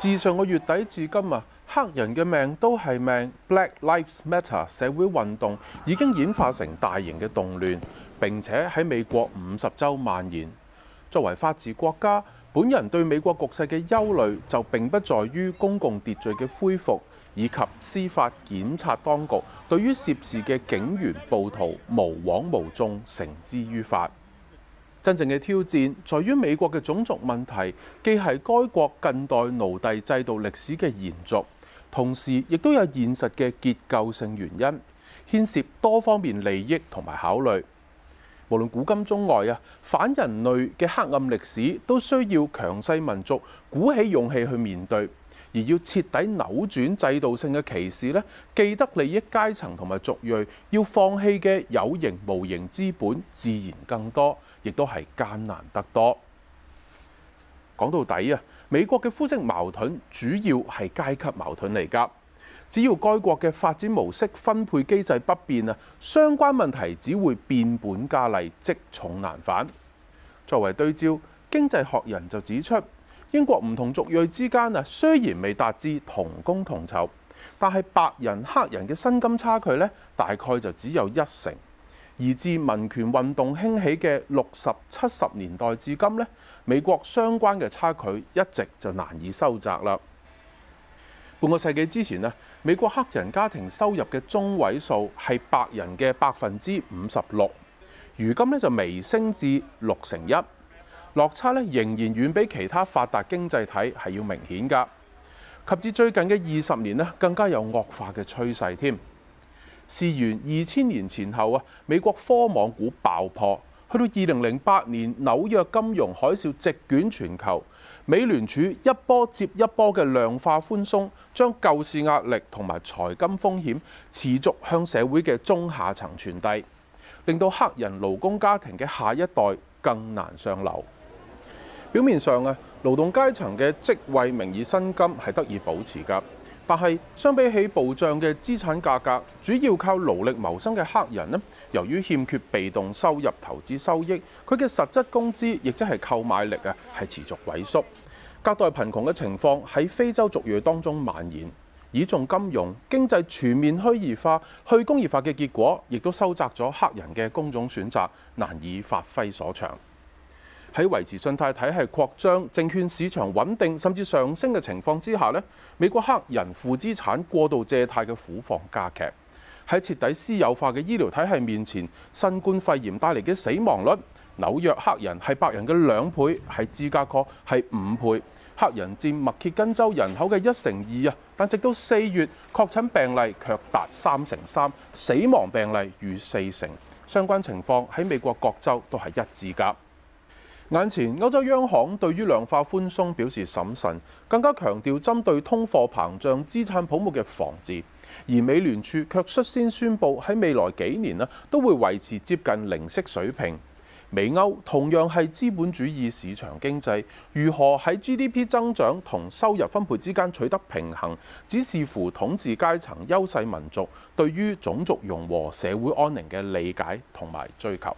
自上個月底至今啊，黑人嘅命都係命，Black Lives Matter 社會運動已經演化成大型嘅動亂，並且喺美國五十州蔓延。作為法治國家，本人對美國局勢嘅憂慮就並不在於公共秩序嘅恢復，以及司法檢察當局對於涉事嘅警員暴徒無枉無縱，繩之於法。真正嘅挑戰在於美國嘅種族問題，既係該國近代奴隸制度歷史嘅延續，同時亦都有現實嘅結構性原因，牽涉多方面利益同埋考慮。無論古今中外啊，反人類嘅黑暗歷史都需要強勢民族鼓起勇氣去面對。而要徹底扭轉制度性嘅歧視咧，既得利益階層同埋族裔要放棄嘅有形無形資本，自然更多，亦都係艱難得多。講到底啊，美國嘅膚色矛盾主要係階級矛盾嚟㗎。只要該國嘅發展模式分配機制不變啊，相關問題只會變本加厲，積重難返。作為對照，經濟學人就指出，英國唔同族裔之間啊，雖然未達至同工同酬，但係白人黑人嘅薪金差距咧，大概就只有一成。而自民權運動興起嘅六十七十年代至今咧，美國相關嘅差距一直就難以收窄啦。半個世紀之前咧，美國黑人家庭收入嘅中位數係白人嘅百分之五十六，如今咧就微升至六成一。落差呢，仍然遠比其他發達經濟體係要明顯㗎。及至最近嘅二十年呢，更加有惡化嘅趨勢添。事源：二千年前後啊，美國科網股爆破，去到二零零八年紐約金融海嘯席捲全球，美聯儲一波接一波嘅量化寬鬆，將救市壓力同埋財金風險持續向社會嘅中下層傳遞，令到黑人勞工家庭嘅下一代更難上流。表面上啊，勞動階層嘅職位名義薪金係得以保持噶，但係相比起暴漲嘅資產價格，主要靠勞力謀生嘅黑人呢，由於欠缺被動收入、投資收益，佢嘅實質工資亦即係購買力啊，係持續萎縮，隔代貧窮嘅情況喺非洲族裔當中蔓延，倚重金融經濟全面虛擬化、去工業化嘅結果，亦都收窄咗黑人嘅工種選擇，難以發揮所長。喺維持信貸體系擴張、證券市場穩定甚至上升嘅情況之下呢，美國黑人負資產過度借貸嘅苦況加劇。喺徹底私有化嘅醫療體系面前，新冠肺炎帶嚟嘅死亡率，紐約黑人係白人嘅兩倍，喺芝加哥係五倍。黑人佔密歇根州人口嘅一成二啊，但直到四月確診病例卻達三成三，死亡病例逾四成。相關情況喺美國各州都係一致噶。眼前，歐洲央行對於量化寬鬆表示審慎，更加強調針對通貨膨脹、資產泡沫嘅防治；而美聯儲卻率先宣布喺未來幾年呢都會維持接近零息水平。美歐同樣係資本主義市場經濟，如何喺 GDP 增長同收入分配之間取得平衡，只視乎統治階層優勢民族對於種族融和、社會安寧嘅理解同埋追求。